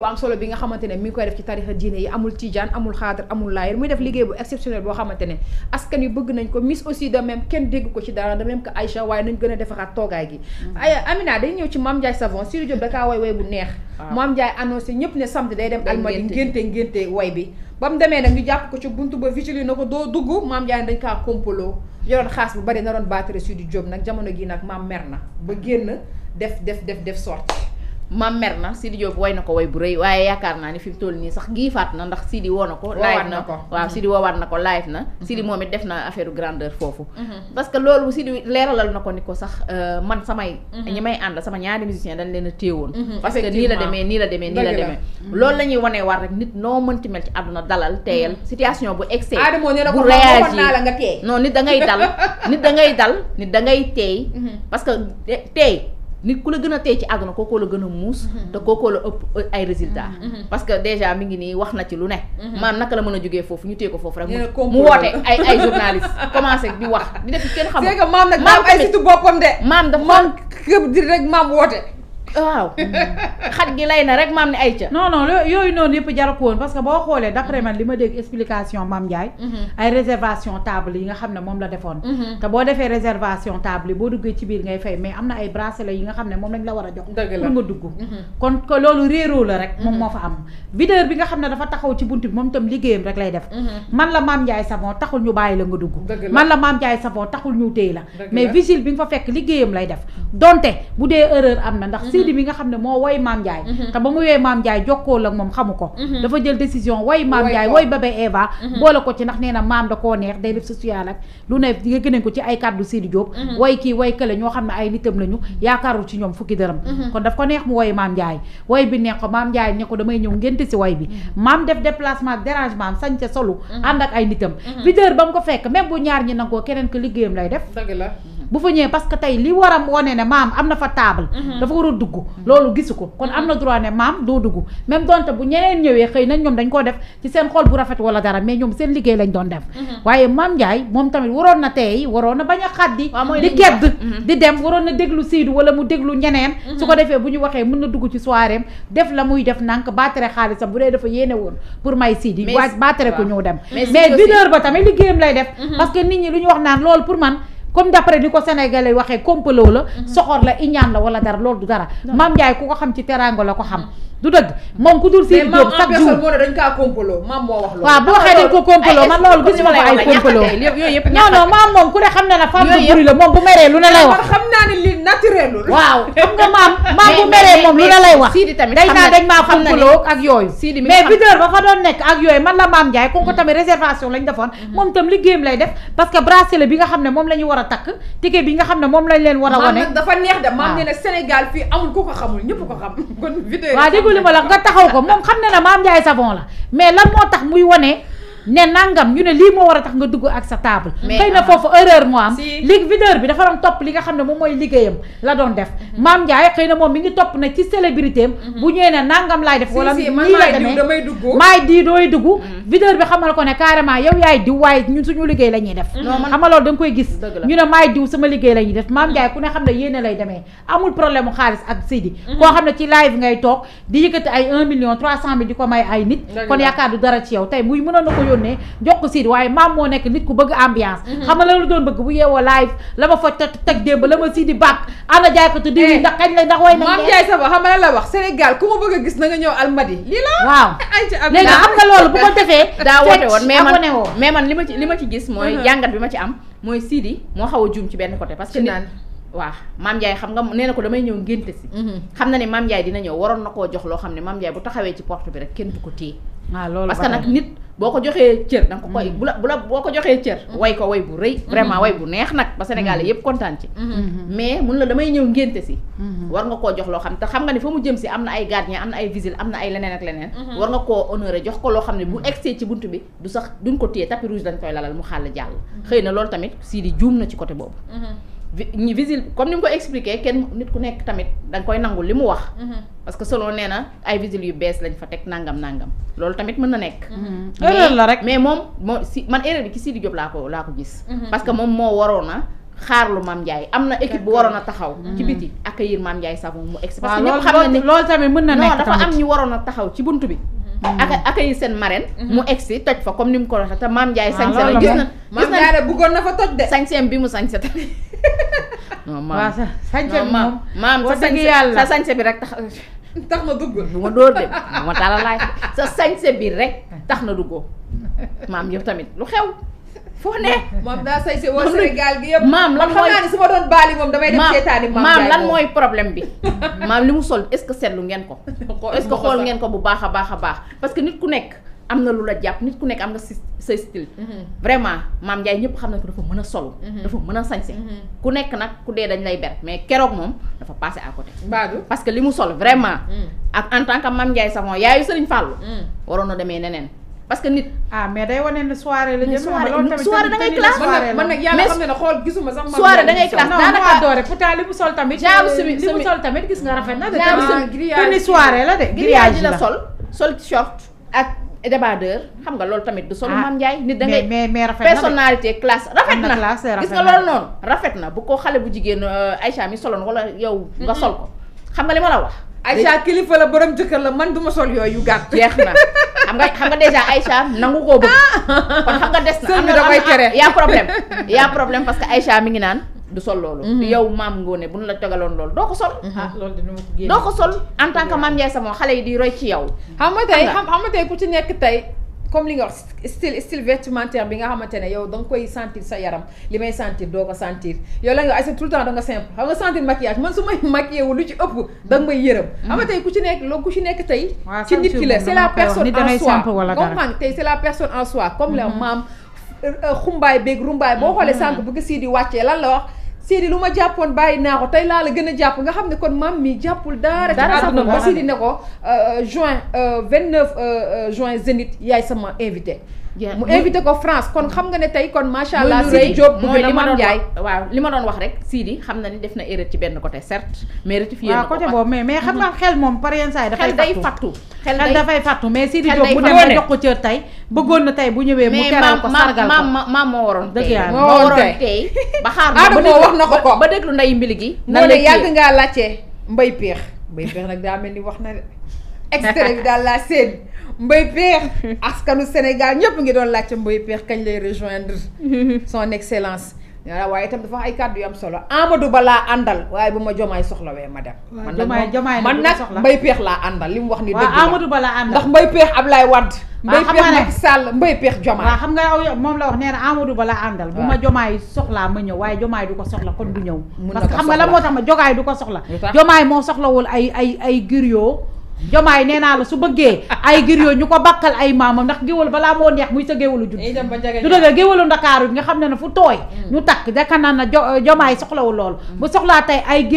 bu solo bi nga xamante ne mi ngi koy def ci tarixa diine yi amul tijaan amul xaadar amul laayir muy def liggéey bu exceptionnel boo xamante ne askan yu bëgg nañ ko Miss aussi de même kenn dégg ko ci dara de même que Aïcha waaye nañ gën defaraat toogaay gi mm-hmm. ay Amina dañ ñëw ci Mame Ndiaye Savon Sidy Diop dakaa way way bu neex ñëpp ne samedi day dem Almadi ngénte ngénte way bi ba mu demee nag ñu jàpp ko ci bunt ba vigile na ko doo dugg Mame Ndiaye dañ kaa kompaloo yoroon xaas bu bari na doon baatare Sidy Diop nag jamono gi nag maam mer na ba génn def def def def sorti maam mer na Sidi Diop woy na ko woy bu rëy waaye yaakaar naa ni fi mu toll nii sax giifaat na ndax Sidi woo na ko. woowaat na ko waaw mhm. Sidi woowaat na ko live na. Mhm. Sidi moom it def na affaire grandeur foofu. Mhm. parce que loolu Sidi leeralal na ko ni ko sax euh, man samay. ñi may ànd sama ñaari musiciens dañ leen a téewoon. parce que nii la demee nii la demee nii la demee. loolu la ñuy war rek nit noo mënti mel ci àdduna dalal teeyal situation bu excès. bu réagir naa la nga teey non nit da ngay dal nit da ngay dal nit da ngay teey parce que eh, teey. nit ku la gën a tey ci àdduna kookoo la gën a muus mhm. te kookoo la ëpp ay résultat mhm. mhm. parce que déjà mi ngi nii wax na ci lu ne maam naka la mën a jógee foofu ñu téye ko foofu rek mu woote ay ay journaliste commencé di wax di def kenn xamul c'est que maam nag maam ay situ boppam de maam dafa maam këb di rek maam woote waaw xat gi lay na rek maam ne ay ca non yooyu noonu yëpp jaru woon parce que boo xoolee d'après man li ma dégg explication maam Ndiaye mhm. ay réservation table yi nga xam ne moom la defoon mhm. te boo defee réservation table yi boo duggee ci biir ngay fay mais nga xam ne moom lañ la war a jox pour nga dugg mhm. kon ko loolu réeroo la rek moom moo fa am videur bi nga xam ne dafa taxaw ci bunt bi moom itam liggéeyam rek lay def man la maam Ndiaye Savon taxul ñu bàyyi la nga dugg man la maam Ndiaye Savon taxul ñu téy la mais bi nga fekk liggéeyam lay def donte bu dee erreur ndax bi nga xam ne moo woy Maam Ndiaye mhm. te ba mu woy Maam Ndiaye jokkoo la moom xamu ko mhm. dafa jël décision woy Maam Ndiaye woy Bébé Eva mhm. boole ko ci ndax nee na maam da koo neex day def social ak lu ne nga gënañ ko ci ay kàddu Sidi Diop woy kii woy kële ñoo xam ne ay nitam lañu yaakaarul ci ñoom fukki dërëm kon daf ko neex mu woy Maam Ndiaye woy bi neex ko Maam Ndiaye ne ko damay ñëw ngénte si woy bi maam def déplacement dérangement sañ ca solu ànd ak ay nitam videur ba mu ko fekk même bu ñaar ñi nangoo keneen ko liggéeyam lay def dëgg la bu fa ñëwee parce que tey li war a wane ne maam am na fa table. Mhm. dafa war a dugg loolu gisu ko kon am na mhm. droit ne maam doo dugg même donte bu ñeneen ñëwee xëy nañ ñoom dañ koo def ci seen xol bu rafet wala dara mais ñoom seen liggéey lañ doon def mhm. waaye maam Ndiaye moom tamit waroon na tey waroon na bañ a xaddi di gedd di dem waroon na déglu siidu wala mu déglu ñeneen su ko defee bu ñu waxee mën na dugg ci soirée def la muy def nank baatere xaalisam bu dee dafa yéene woon pour may Sidi waaj baatere ñëw dem mais dineur ba tamit liggéeyam lay def parce que nit ñi lu ñu wax loolu pour man comme d'après ni ko sénégalais waxee kompaloo la mhm. soxor la iñaan la wala dara lool du dara maam Ndiaye ku ko xam ci teraanga la ko xam du dëgg moom ku dul Sidy Diop chaque jour mais maam dañ kaa complot maam moo waaw boo xee dañ ko complot man loolu gisuma ko ay complot yooyu maam moom ku ne xam na ne femme bu buri la moom bu meree lu ne lay wax. xam li naturel waaw xam nga maam maam bu meree moom ne ak yooyu. Sidy mais videur ba fa doon nekk ak yooyu la mm-hmm. defoon. Mm-hmm. moom itam liggéeyam lay def parce que bi nga xam ne moom la ñu war a takk ticket bi nga xam ne moom lañ leen war a wone dafa neex de maam ne Sénégal fii amul ku ko xamul ñëpp ko xam kon videur déglu li la nga taxaw ko moom xam ne na Mame Ndiaye Savon la mais lan moo tax muy wane ne nangam ñu ne lii moo war a tax nga dugg ak sa table. xëy na ah. foofu erreur moo am. léegi videur bi dafa doon topp li nga xam ne moom mooy liggéeyam la doon def. Mhm. maam Ndiaye xëy na moom mi ngi topp na ci célébrité am. Mhm. bu ñëwee ne nangam laay def. wala nii la demee damay dugg. maay di dooy dugg. Mhm. videur yow yaay diw waaye ñun suñu liggéey la ñuy def. xam nga loolu koy gis. ñu ne maay diw sama liggéey la ñuy def maam Ndiaye ku ne xam ne yéene lay demee amul problème xaalis ak Sidi. koo xam ne ci live ngay toog di yëkkati ay 1 million 300 mille di ko may ay nit kon yaakaar du dara ci yow tey muy mënoon na ko yónnee jox ko waaye maam moo nekk nit ku bëgg ambiance mhm. xam nga la doon bëgg bu yeewoo live la ma fa teg démb la ma Sidi bàkk ana jaay ko te eh, la wax Sénégal ku bëgg gis na nga ñëw almadi lii la waaw léegi xam nga loolu bu ko defee daa woote woon mais man mais man li ma ci li ma ci gis mooy mhm. jàngat bi ma am mooy Sidi moo a juum ci benn côté parce que waaw xam nga nee na ko damay ñëw ngénte si mhm. xam na ne maam Ndiaye dina ñëw waroon na koo jox loo xam ne maam Ndiaye bu taxawee ci porte bi rek kenn du ko téye Ah, parce que nag nit boo ko joxee cër danga ko mm-hmm. koy la bu la boo ko joxee cër mm-hmm. way ko woy bu rëy mm-hmm. vraiment way bu neex nag ba sénégalais yëpp kontaan ci mais mun la damay ñëw ngénte si war nga koo jox loo xam ne te xam nga ni fa mu jëm si am na ay gardien am na ay vigile am na ay leneen ak leneen war nga koo honoré jox ko loo xam ne bu egsee ci bunt bi du sax duñ ko téye tapis rouge dañ koy lalal mu xàll jàll xëy na loolu tamit sii di juum na ci côté boobu ñi visite comme ni mu ko expliqué kenn nit ku nekk tamit danga koy nangu li mu wax. Mhm. parce que solo nee na ay visite yu bees lañ fa teg nangam nangam loolu tamit mën na nekk. Mhm. erreur la rek mais moom moo si man erreur bi ci Sidi Diop laa ko mhm. parce que moom moo waroon a xaarlu Mame am na équipe waroon a taxaw. ci biti accueillir Mame Ndiaye Savon mu ex. parce que ñëpp xam ni loolu tamit mën na nekk tamit non dafa am a taxaw ci buntu bi. ak accueillir seen marraine. mu egg si fa comme ni mu ko waxee te Mame Ndiaye. waaw loolu la gis na gis na Mame na fa toj de. sañseem bi mu sañse tamit waaw sa sañse bi moom maam sa sañse yàlla sa sañse bi rek tax tax na duggoo bu ma dóor de bu ma tala laay sa sañse bi rek tax na duggoo maam yow tamit lu xew foo ne moom daa sañse woo Sénégal gi yëpp maam lan mooy xam problème bi maam li mu sol est-ce que seetlu ngeen ko est que xool ngeen ko bu baax a baax a baax parce que nit ku nekk am na lu la jàpp nit ku nekk am na sa style. Mhm. vraiment maam Ndiaye ñëpp xam nañ ko dafa mën a solo. Mhm. dafa mën a sañse mhm. ku nekk nag ku dee dañ lay ber mais keroog moom dafa passé à côté. parce que li mu sol vraiment. ak en tant que maam Ndiaye Savon yaayu Serigne Fallou. waroon na demee parce que nit. ah mais day wane ne soirée la li mu sol tamit. jaaru euh, semi li gis nga rafet na. jaaru semi grillage soirée la de. grillage la sol sol short ak. débardeur xam nga loolu tamit du solo ah, Mame Ndiaye nit da ngay personnalité classe rafet na gis nga loolu noonu rafet na bu ko xale bu jigéen euh, Aïcha mi soloon wala yow nga mm-hmm. sol ko xam nga li ma la wax Aïcha kilifa la borom jëkkër la man du ma sol yooyu gàtt jeex na xam nga xam nga déjà Aïcha nangu koo bëgg kon xam nga des na am na yaa problème yaa problème parce que mi ngi naan du sol loolu. Mhm. yow maam Ngoné bu nu la tegaloon loolu doo ko sol. Mhm. ah loolu dina ma ko génne doo ko sol en tant que maam Ndiaye sama xale yi di roy ci yow. xam nga tey ku ci nekk tey. comme li nga wax style style vestimentaire bi nga xamante ne yow da nga koy sa yaram li may sentir doo ko sentir yow la nga nga simple xam nga sentir maquillage man su may lu ci ëpp da nga may yërëm. Mhm. xam ku ci nekk loo ku ci nekk tey. ci nit la c'est la personne en soi la personne en soi comme la maam euh, euh, xumbaay beeg rumbaay boo xoolee sànq bu ko sii di wàccee lan la wax. Sidi lu ma jàppoon bàyyi naa ko tey laa la gën a jàpp nga xam ne kon maam mi jàppul dara ci àdduna ba Sidi ne ko euh, euh, juin vingt neuf euh, juin Zénith yaay sama invité mu invité ko France kon xam nga ne tey kon macha allah Sidi Diop mooy li ma doon jaay waaw li ma doon wax rek Sidi xam na ni def na erreur ci benn côté certes mais rectifié na ko côté boobu mais mais xam nga mhm. xel moom par yenn dafay day fattu xel dafay fattu mais Sidi Diop bu demee jox na tey bu ñëwee mu teral ko sargal mais maam moo waroon dëgg yàlla moo waroon tey ba xaar Adamo wax na ko ko ba déglu nday mbili gi moo ne yàgg ngaa laajte mbay peex mbay peex nag daa mel ni wax na de extrait bi daal laa seen Mbaye Pekh askanu Sénégal ñëpp ngi doon laajte mbay Pekh kañ lay rejoindre son excellence waaye itam dafa ay kàddu yam am solo Amadou Ba laa àndal waaye bu ma soxla wee ma dem. man nag man nag Mbaye Pekh laa àndal li mu wax ni dëgg la Amadou Ba laa àndal ndax Mbaye Pekh Ablaye Wade. waaw xam nga ne Mbaye Pekh Macky Sall xam nga yow moom la wax nee na Amadou Ba àndal. bu ma jomaay soxlaa ma ñëw waaye jomaay du ko soxla kon du ñëw. ko soxla parce que xam nga la moo tax ma jogaay du ko soxla. jomaay moo soxlawul ay ay ay griot. jomaay nee naa la su bëggee ay gir yooyu ñu ko bakkal ay maamam ndax géwél balaa moo neex muy sa géwélu judd du dëgg géwélu ndakaaru bi nga xam ne ne fu tooy mm. ñu takk daka naan na jomaay soxlawu lool mm. bu soxlaa tey ay